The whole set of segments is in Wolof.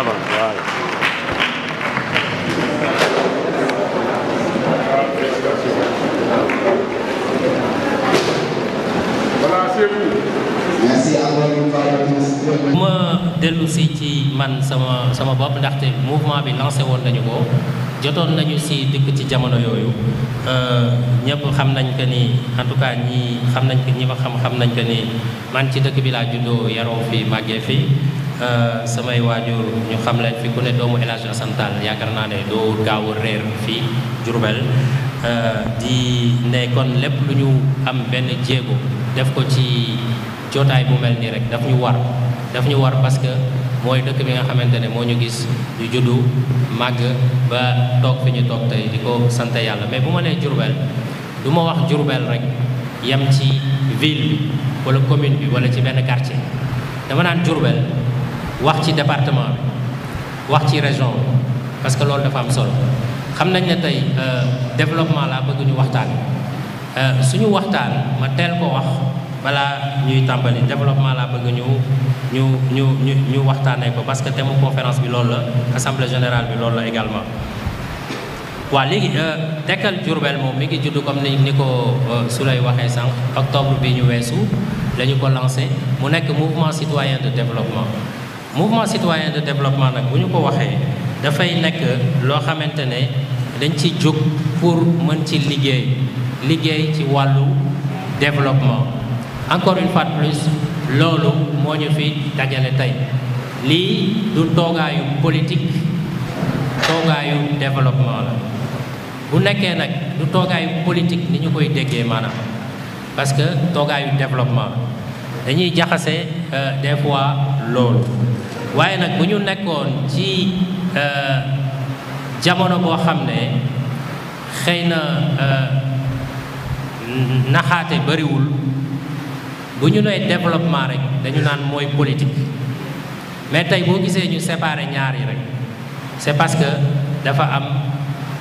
Avant, bu ma dellu si ci man sama sama bopp ndaxte mouvement bi lancé woon nañu ko jotoon nañu si dëkk ci jamono yooyu euh, ñëpp xam nañ que ni en tout cas ñi xam nañ ko ñi ma xam xam nañ que ni man ci dëkk bi laa juddoo yaroo fi màggee fi Euh, samay waajur ñu xam leen fi ku ne doomu El Hadj Assane naa ne doo gaaw a réer fii Diourbel euh, di ne kon lépp lu ñu am benn jéego def ko ci jotaay bu mel nii rek daf ñu war daf ñu war parce que mooy dëkk bi nga xamante ne moo ñu gis ñu juddu màgg ba toog fi ñu toog tey di ko sant yàlla mais bu ma nee Diourbel du ma wax Diourbel rek yem ci ville bi wala commune bi wala ci benn quartier dama naan Diourbel wax ci département bi wax ci région bi parce que loolu dafa am sol xam nañ ne tey euh, développement laa bëgg ñu waxtaan euh, suñu waxtaan ma teel ko wax balaa ñuy tàmbali développement laa bëgg ñu ñu ñu ñu ñu waxtaanee ko parce que thème conférence bi loolu la assemblée générale bi loolu la également. waa léegi euh, tekkal Diourbel moom mi ngi judd comme ni ni ko Souley waxee sànq octobre bi ñu weesu la ñu ko lancé mu nekk mouvement citoyen de développement. mouvement citoyen de développement nag bu ñu ko waxee dafay nekk loo xamante ne dañ ci jóg pour mën ci liggéey liggéey ci wàllu développement encore une fois plus loolu moo ñu fi dajale tey lii du toogaayu politique toogaayu développement la bu nekkee nag du toogaayu politique ni ñu koy déggee maanaam parce que toogaayu développement dañuy jaxase euh, des fois loolu waaye nag bu ñu nekkoon ci euh, jamono boo xam ne xëy na euh, naxaate bariwul bu ñu nee développement rek dañu naan mooy politique mais tey boo gisee ñu séparer ñaar yi rek c'est parce que dafa am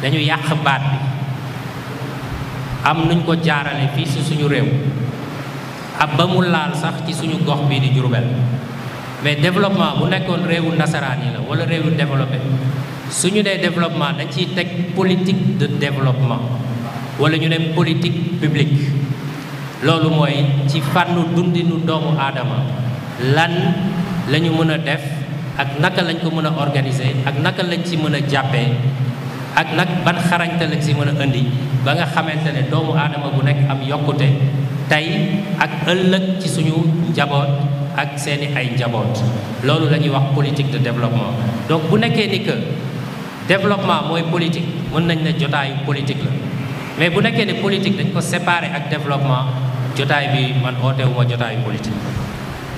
dañu yàq baat bi am nuñ ko jaarale fii si suñu réew ab ba mu laal sax ci suñu gox bii di Jurbel mais développement bu nekkoon réewu nasaraan yi la wala réewu développé su ñu dee développement dañ ciy teg politique de développement wala ñu ne politique publique loolu mooy ci fànnu dundinu doomu aadama lan la ñu mën a def ak naka lañ ko mën a organiser ak naka lañ ci mën a jàppee ak nag ban xarañte ci mën a indi ba nga xamante ne doomu aadama bu nekk am yokkute tey ak ëllëg ci suñu njaboot ak seeni ay njaboot loolu la ñuy wax politique de développement donc bu nekkee ni que développement mooy politique mën nañ ne jotaayu politique la mais bu nekkee ni politique dañ ko séparé ak développement jotaay bi man ootewuma jotaayu politique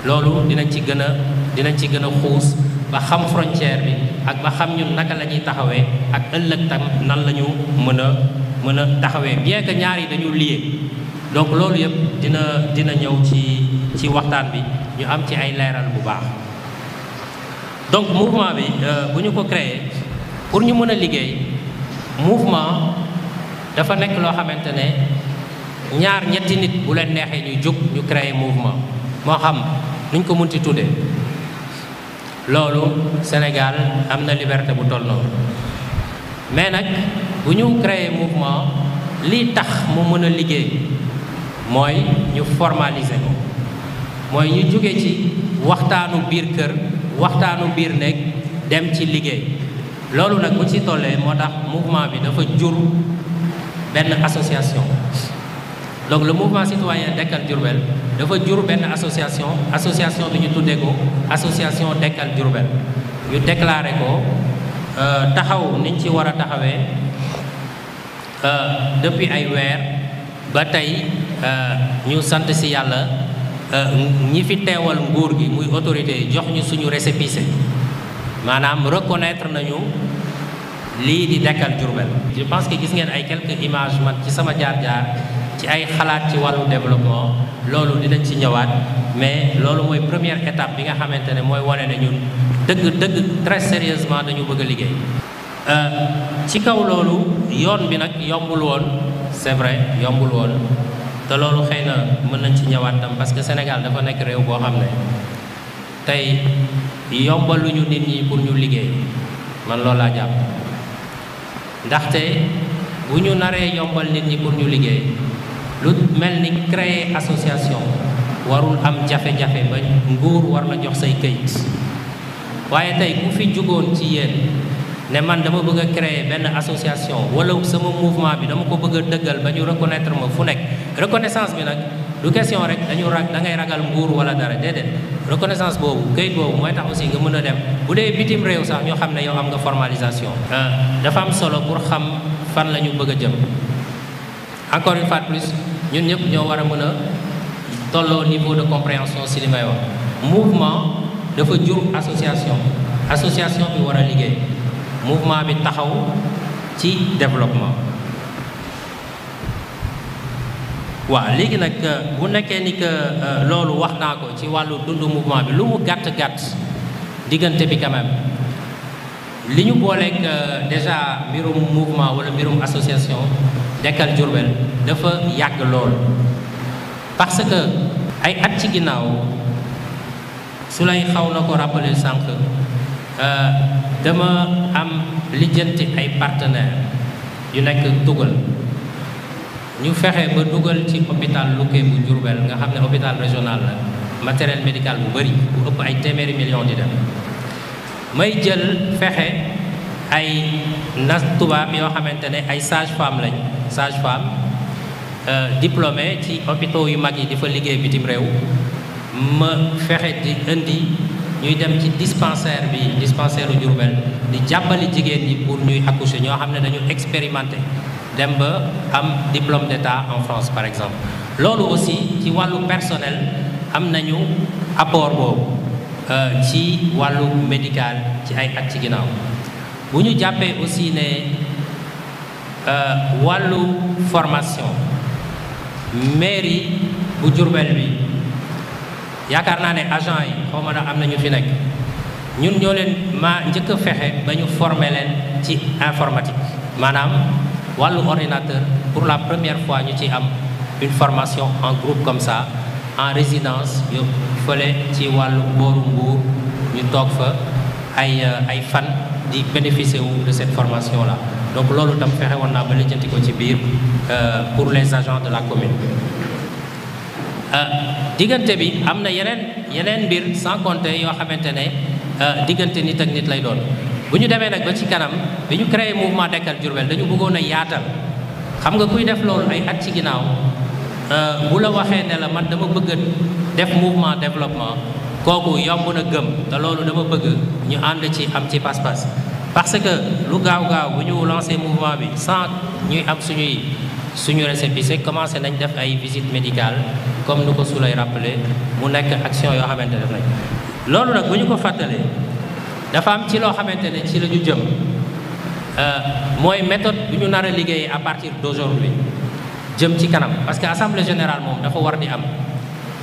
loolu dinañ ci gën a dinañ ci gën a xuus ba xam frontière bi ak ba xam ñu naka la ñuy taxawee ak ëllëg tam nan la ñu mën a mën a taxawee bien que ñaar yi dañu lié donc loolu yëpp dina dina ñëw ci ci waxtaan bi ñu am ci ay leeral bu baax donc mouvement bi euh, bu ñu ko créé pour ñu mën a liggéey mouvement dafa nekk loo xamante ne ñaar ñetti nit bu leen neexee ñuy jóg ñu créé mouvement moo xam nuñ ko munti tuddee loolu Sénégal am na liberté bu toll noonu mais nag bu ñu créé mouvement lii tax mu mën a liggéey mooy ñu formaliser mooy ñu jóge ci waxtaanu biir kër waxtaanu biir néeg dem ci liggéey loolu nag bu ci tollee moo tax mouvement bi dafa jur benn association donc le mouvement citoyen Dekkal Diourbel dafa jur benn association association bi ñu tuddee ko association Dekkal Diourbel ñu déclaré ko euh, taxaw niñ ci war a taxawee euh, depuis ay weer ba tey euh, ñu sant si yàlla Euh, ñi fi teewal nguur gi muy autorité jox ñu suñu récépissé maanaam reconnaître nañu lii di Dekkal Diourbel je pense que gis ngeen ay quelques image man ci sama jaar-jaar ci ay xalaat ci wàllu développement loolu dinañ ci ñëwaat mais loolu mooy première étape bi nga xamante ne mooy wane ne ñun dëgg dëgg sérieusement dañu bëgg a liggéey euh, ci kaw loolu yoon bi nag yombul woon c'est vrai yombul woon te loolu xëy na mën nañ ci ñëwaat tam parce que Sénégal dafa nekk réew boo xam ne tey yombaluñu nit ñi pour ñu liggéey man loolu laa jàpp ndaxte bu ñu naree yombal nit ñi pour ñu liggéey lu mel ni créer association warul am jafe-jafe ba nguur war la jox say këyit waaye tey ku fi jugoon ci yéen ne man dama bëgg a créer benn association wala sama mouvement bi dama ko bëgg a dëggal ba ñu reconnaître ma fu nekk reconnaissance bi nag du question rek dañu rag da ngay ragal nguur wala dara déedéet reconnaissance boobu këyit boobu mooy tax aussi nga mën a dem bu dee bitim réew sax ñoo xam ne yoo am nga formalisation euh, dafa am solo pour xam fan la ñu bëgg a jëm encore une fois plus ñun ñëpp ñoo war a mën a tolloo niveau de compréhension si li may wax mouvement dafa jur association association bi war a liggéey mouvement bi taxaw ci développement waaw léegi nag euh, bu nekkee ni que euh, loolu wax naa ko ci wàllu dundu mouvement bi lu mu gàtt-gàtt diggante bi quand li ñu booleeg euh, déjà mbirum mouvement wala mbirum association Dekkal Diourbel dafa yàgg lool parce que ay at ci ginnaaw su lay xaw na ko rappeler sànq Euh, dama am lijjanti ay partenaire yu nekk dugal ñu fexe ba dugal ci hôpital Lukey bu Diourbel nga xam ne hôpital régional la matériel médical bu bëri bu ëpp ay téeméeri million di dem may jël fexe ay nas tubaab yoo xamante ne ay sage femme lañ sage femme euh, diplômé ci hôpitaux yu mag yi di fa liggéey bitim réew ma fexe di indi ñuy dem ci dispensaire bi dispensaire u di jàppale jigéen ñi pour ñuy accoucher ñoo xam ne dañu expérimenté dem ba am diplôme d'état en France par exemple loolu aussi ci wàllu personnel am nañu apport boobu euh, ci wàllu médical ci ay at ci ginnaaw bu ñu jàppee aussi ne euh, wàllu formation mairie bu Diourbel bi yaakaar naa ne agent yi xaw ma na am na ñu fi nekk ñun ñoo leen maa njëkk fexe ba ñu former leen ci informatique maanaam wàllu ordinateur pour la première fois ñu ci am une formation en groupe comme ça en résidence yu fële ci wàllu booru Mbuur ñu toog fa ay ay fan di bénéficier wu de cette formation la donc loolu tam fexe woon naa ba lijjanti ko ci biir euh, pour les agents de la commune Euh, diggante bi am na yeneen yeneen mbir sans yoo xamante ne euh, diggante nit ak nit lay doon bu ñu demee nag ba ci kanam bi ñu créé mouvement Dekkal Diourbel dañu bëggoon a yaatal xam nga kuy def loolu ay at ci ginnaaw euh, bu la waxee ne la man dama bëgg def mouvement développement kooku yomb na gëm te loolu dama bëgg ñu ànd ci am ci pas-pas parce que lu gaaw-gaaw bu ñu lancé mouvement bi sans ñuy am suñuy suñu récépissé commencé nañ def ay visite médical comme nu ko Souley rappelé mu nekk action yoo xamante def nañ loolu nag bu ñu ko fàttalee dafa am ci loo xamante ne ci la ñu jëm euh, mooy méthode bu ñu nar a liggéeyee à partir d'aujourd'hui jëm ci kanam parce que assemblée générale moom dafa war di am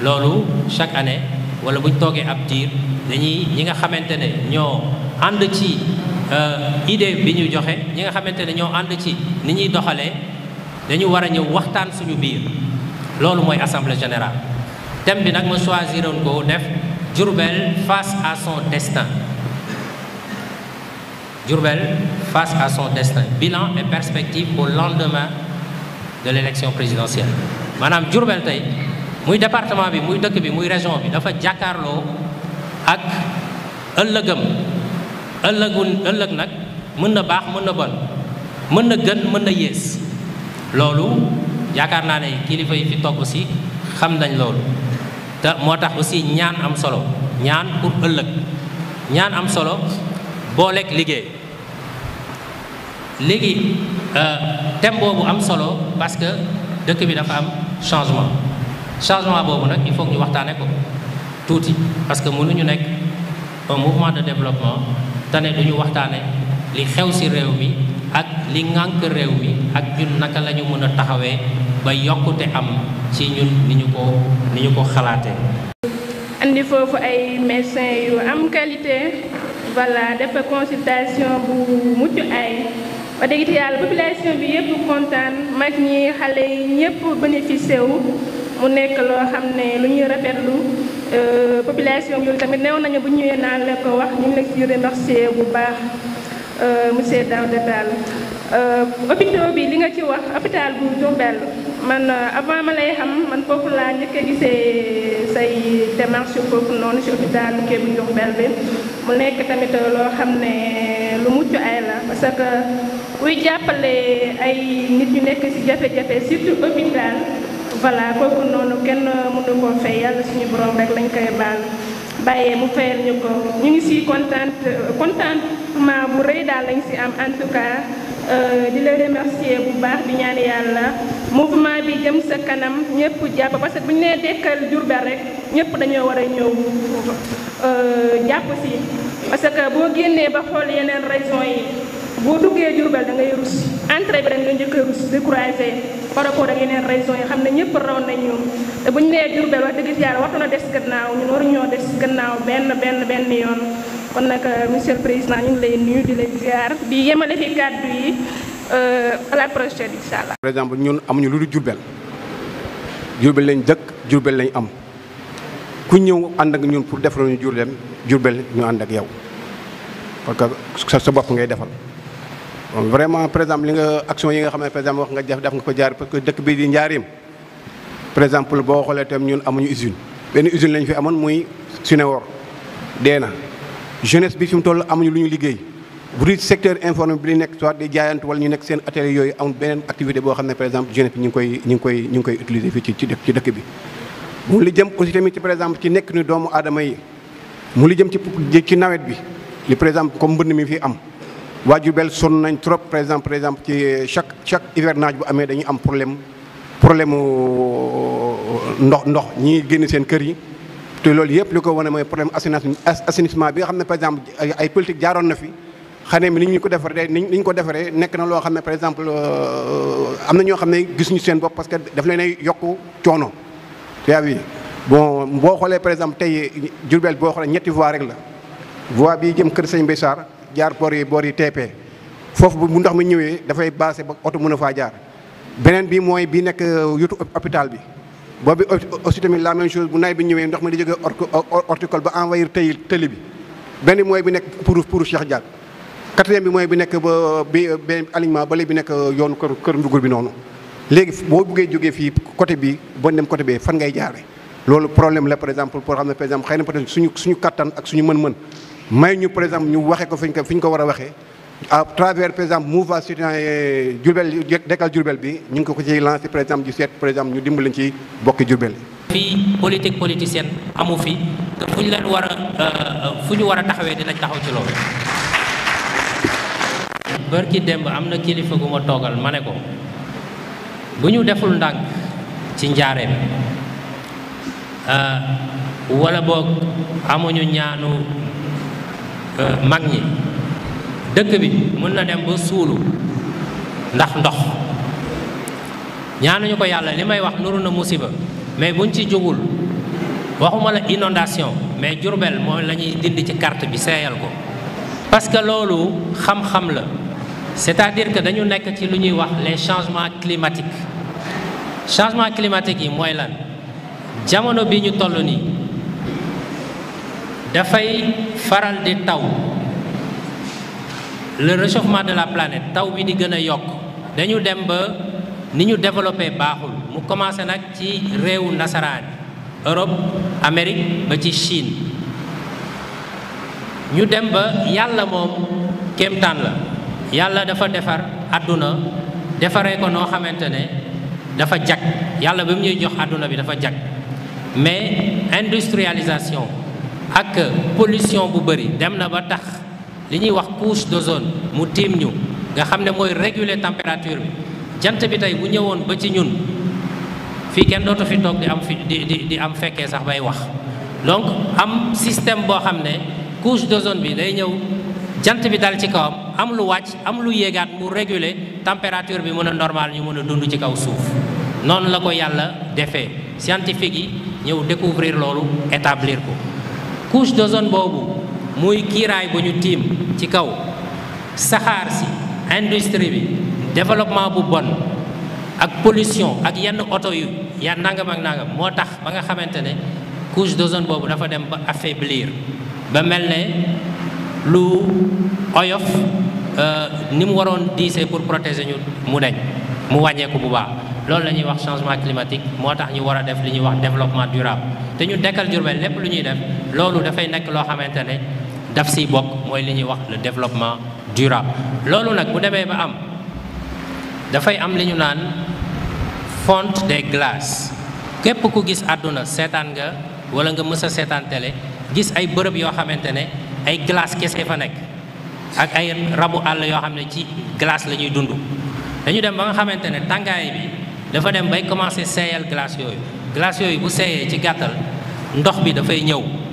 loolu chaque année wala bu ñu toogee ab diir dañuy ñi nga xamante ne ñoo ànd ci euh, idée bi ñu joxe ñi nga xamante ne ñoo ànd ci ni ñuy doxalee dañu war a ñëw waxtaan suñu biir loolu mooy assemblée générale thème bi nag ma choisiroon ko def Diourbel face à son destin Diourbel face à son destin bilan et perspective au lendemain de l'élection présidentielle maanaam Diourbel tey muy département bi muy dëkk bi muy région bi dafa jàkkaarloo ak ëllëgam ëllëgu ëllëg nag mën na baax mën na bon mën na gën mën na yées loolu yaakaar naa ne kilifa yi fi toog aussi xam nañ loolu te moo tax aussi ñaan am solo ñaan pour ëllëg ñaan am solo boo booleeg liggéey léegi euh, thème boobu am solo parce que dëkk bi dafa am changement changement boobu nag il faut ñu waxtaane ko tuuti parce que mënuñu nekk un mouvement de développement te ne duñu waxtaane li xew ci réew mi ak li ŋànk réew mi ak ñun naka la ñu mën a taxawee ba yokkute am ci ñun ni ñu ko ni ñu ko xalaatee. andi foofu ay médecin yu am qualité voilà dafa consultation bu mucc ay wax dëgg yàlla population bi yëpp kontaan mag ñi xale yi ñëpp bénéficié wu mu nekk loo xam ne lu ñuy rafetlu euh, population bi tamit néew nañu bu ñëwee naan la ko wax ñu ngi la ciy bu baax. Euh, monsieur Daouda Tall euh, hôpital li nga ci wax hôpital bu Diourbel man euh, avant ma lay xam man foofu laa njëkk a gisee say démarche foofu noonu bu Diourbel mu nekk tamit loo xam ne lu mucc ay la parce que kuy jàppale ay nit ñu nekk ci jafe-jafe surtout hôpital voilà kooku noonu kenn mënu koo fay yàlla suñu borom rek lañ koy baal bàyyee mu fayal ñu ko ñu ngi ci kontaan kontaan contentement bu rëy daal lañ si am en tout cas euh, di la remercier bu baax di ñaan yàlla mouvement bi jëm sa kanam ñëpp jàpp parce que bu ñu nee dekkal Diourbel rek ñëpp dañoo war a ñëw euh, jàpp si parce que boo génnee ba xool yeneen région yi boo duggee Diourbel da ngay rus entrée bi da nga njëkk a rus découragé par rapport ak yeneen régions yi xam ne ñëpp raw nañu te bu ñu nee Diourbel wax dëgg yàlla waxtu na des gannaaw ñun waruñoo des gannaaw benn benn benn yoon. kon nag euh, monsieur le président ñu ngi di lay ziar euh, par exemple ñun amuñu lu dul Jurbel Jurbel lañ dëkk Jurbel lañ am ku ñëw ànd ak ñun pour defaral ñu Jurbel Jurbel ñu ànd ak yow pare que sa sa bopp ngay defal. vraiment par exemple li nga action yi nga xam ne par exemple wax nga jaf def nga ko jaar parce que dëkk bi di njaarim par exemple boo xoolee tam ñun amuñu usine benn usine lañ fi amoon muy Suneor dee na jeunesse bi fi toll amuñu lu ñu liggéey bu dul secteur informel bi di nekk soit di jaayantu wala ñu nekk seen atelier yooyu amul beneen activité boo xam ne par exemple jeunesse bi ñu koy ñu ngi koy ñu ngi koy utiliser fii ci ci ci dëkk bi. mu li jëm aussi tamit ci par exemple ci nekk ni doomu aadama yi mu li jëm ci ci nawet bi li par exemple comme mbënn mi fi am. waa Diourbel sonn nañ trop par exemple par exemple ci euh, chaque chaque hivernage bu amee dañuy am problème problème euh, ndox ndox ñi génn seen kër yi. te loolu yëpp li ko wane mooy problème assainissement bi nga xam ne par exemple ay politique jaaroon na fi xane mi ni ñu ko defaree ni ñu ko defaree nekk na loo xam ne par exemple euh, am na ñoo xam ne gisuñu seen bopp parce que daf leen yokk coono yaa bi bon boo xoolee par exemple tey Diourbel boo xoolee ñetti voie rek la voie bi jëm kër Sëñ Mbay Sarr jaar boor yi boor yi TP foofu bu mu ndax mi ñëwee dafay baase ba oto mën a faa jaar beneen bi mooy bi nekk yutu euh, hôpital bi boobu aussi tamit la même chose bu nawet bi ñëwee ndox mi di jógee horticole ba envahir tey tëli bi benn mooy bi nekk pour pour Cheikh jaar quatrième bi mooy bi nekk ba bi benn alignement ba léegi bi nekk yoonu kër kër ndugur bi noonu léegi boo buggee jógee fii côté bi bon dem côté bee fan ngay jaare loolu problème la par exemple pour xam ne par exemple xëy na peut-être suñu suñu kattan ak suñu mën-mën may ñu par exemple ñu waxee ko fi ñu ko fi ñu ko war a waxee à travers par exemple mouvement citoyen Diourbel Dekkal Diourbel bi ñu ngi ko ko ciy lancé par exemple ñu seet par exemple ñu dimbali ci bokki Diourbel fii politique politicienne amu fi te fu ñu war a euh, euh, fu ñu war a taxawee dinañ taxaw ci loolu bërki démb am na kilifa gu ma toogal ma ne ko bu ñu deful ndànk ci njaareem euh, wala boog amuñu ñaanu mag ñi dëkk bi mën na dem ba suulu ndax ndox ñaanuñu ko yàlla li may wax nuru na musiba mais buñ ci jógul waxuma la inondation mais Jurbel mooy la ñuy dindi ci carte bi seeyal ko parce que loolu xam-xam la c'est-à-dire que dañu nekk ci lu ñuy wax les changement climatiques changement climatique yi mooy lan jamono bi ñu toll nii dafay faral di taw le réchauffement de la planète taw bi di gën a yokk dañu dem ba ni ñu développé baaxul mu commencé nag ci réewu nasaraan Europe amerique ba ci Chine ñu dem ba yàlla moom kéemtaan la yàlla dafa defar àdduna defaree ko noo xamante ne dafa jag yàlla bi mu ñuy jox àdduna bi dafa jag mais industrialisation ak pollution bu bëri dem na ba tax li ñuy wax couche zone mu tiim ñu nga xam ne mooy réguler température bi jant bi tey bu ñëwoon ba ci ñun fii kenn dootu fi toog di am fi di di di am fekkee sax bay wax donc am système boo xam ne couche d'ozone bi day ñëw jant bi dal ci kawam am lu wàcc am lu yéegaat mu réguler température bi mën a normal ñu mën a dund ci kaw suuf noonu la ko yàlla defee scientifique yi ñëw découvrir loolu établir ko couche d'ozone boobu muy kiiraay bu ñu tiim ci kaw saxaar si industrie bi développement bu bon ak pollution ak yenn oto yu ya nangam ak nangam moo tax ba nga xamante ne couche d'ozone boobu dafa dem ba affaiblir ba mel ne lu oyof euh, ni mu waroon diisee pour protéger ñu mu deñ mu wàññeeku bu baax loolu la ñuy wax changement climatique moo tax ñu war a def li ñuy wax développement durable te ñu dekkal Jurbel lépp lu ñuy def loolu dafay nekk loo xamante ne daf siy bokk mooy li ñuy wax le développement durab loolu nag bu demee ba am dafay am li ñu naan font de glaces képp ku gis àdduna seetaan nga wala nga mës a seetaan télé gis ay bërëb yoo xamante ne ay glace kese fa nekk ak ay rabu àll yoo xam ne ci glace la ñuy dund dañu dem ba nga xamante ne tàngaay bi dafa dem bay commencé seeyal glace yooyu glace yooyu bu seeyee ci gàttal ndox bi dafay ñëw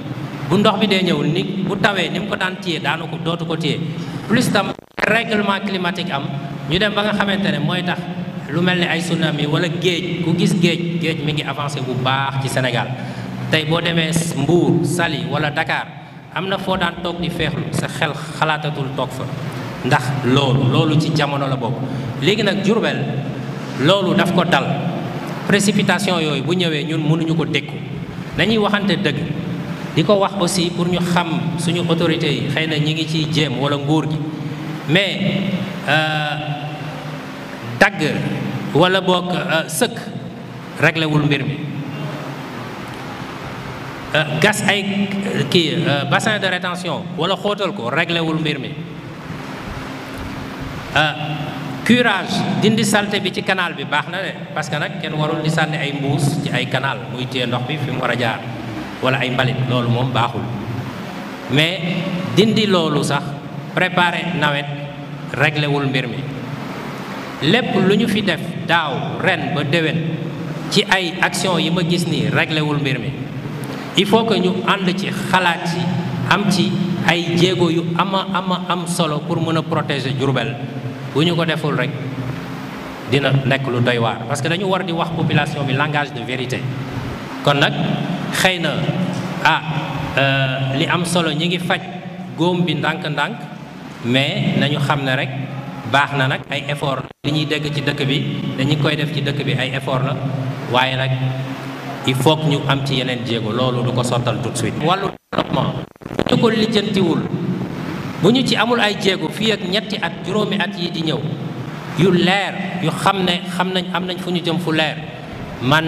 bu ndox bi dee ñëw ni bu tawee ni mu ko daan téye daanu ko dootu ko téye plus tam règlement climatique am ñu dem ba nga xamante ne mooy tax lu mel ni ay tsunami wala géej ku gis géej géej mi ngi avancé bu baax ci Sénégal tey boo demee Mbour sali wala Dakar am na foo daan toog di feexlu sa xel xalaatatul toog fa ndax loolu loolu ci jamono la bokk léegi nag Jurbel loolu daf ko dal précipitation yooyu bu ñëwee ñun mënuñu ko dékku dañuy waxant dëgg di ko wax aussi pour ñu xam suñu autorités yi xëy na ñi ngi ci jéem wala nguur gi mais euh, dagg walla boog euh, sëkk réglé wul mbir mi euh, gas ay kii bassin de rétention wala xootal ko réglé mbir mi curage dindi salte bi ci kanaal bi baax na de parce que nag kenn warul di sànni ay mbuus ci ay kanaal muy téye ndox bi fi mu war a jaar wala ay mbalit loolu moom baaxul mais dindi loolu sax prépare nawet réglé mbir mi lépp lu ñu fi def daaw ren ba déwén ci ay action yi ma gis ni réglé mbir mi il faut que ñu ànd ci xalaat yi am ci ay jéego yu ama ama am solo pour mën a protéger Diourbel bu ñu ko deful rek dina nekk lu doy waar parce que dañu war di wax population bi langage de vérité kon nag xëy na ah euh, li am solo ñi ngi faj góom bi ndànk-ndànk mais nañu xam ne rek baax na nag ay effort li ñuy dégg ci dëkk bi dañu koy def ci dëkk bi ay effort la waaye nag il foog ñu am ci yeneen jéego loolu du ko sottal tout de suite wàllu développement ñu ko lijjantiwul bu ñu ci amul ay jéego fi ak ñetti at juróomi at yi di ñëw yu leer yu xam ne xam nañ am nañ fu ñu jëm fu leer man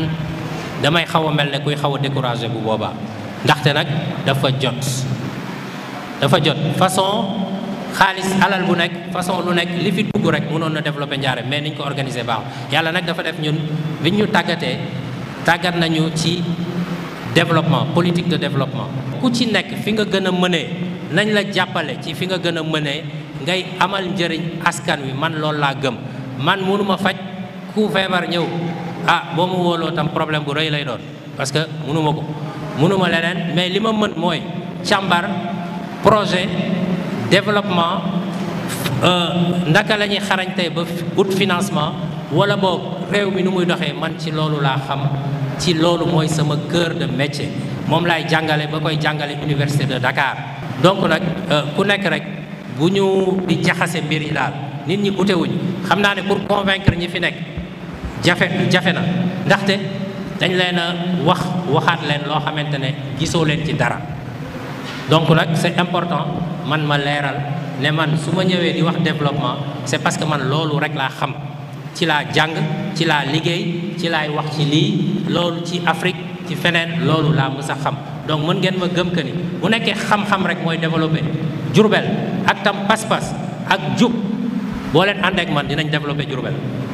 damay xaw a mel ne kuy xaw a découragé bu boobaa ndaxte nag dafa jot dafa jot façon xaalis alal bu nekk façon lu nekk li fi dugg rek mënoon na développé njaare mais niñ ko organisé baax yàlla nag dafa def ñun biñ ñu tàggatee tàggat nañu ci développement politique de développement ku ci nekk fi nga gën a mënee nañ la jàppale ci fi nga gën a mënee ngay amal njëriñ askan wi man loolu laa gëm man mënuma faj ku feebar ñëw ah boo ma wooloo tam problème bu rëy lay doon parce que mënu ma ko mënu ma leneen mais li ma mën mooy càmbar projet développement euh, naka la ñuy xarañtee ba ut financement wala boog réew mi nu muy doxee man ci loolu laa xam ci loolu mooy sama cœur de métier moom laay jàngale ba koy jàngale université de Dakar donc nag euh, ku nekk rek bu ñu di jaxasee mbir yi daal nit ñi utewuñ xam naa ne pour convaincre ñi fi nekk jafe jafe na ndaxte dañ leen a wax waxaat leen loo xamante ne gisoo leen ci dara donc nag c'est important man ma leeral ne man su ma ñëwee di wax développement c'est parce que man loolu rek laa xam ci laa jàng ci laa liggéey ci laay wax ci lii loolu ci Afrique ci feneen loolu laa mës xam donc mën ngeen ma gëm que ni bu nekkee xam-xam rek mooy développé Diourbel ak tam pas-pas ak jub boo leen ànd ak man dinañ développé Diourbel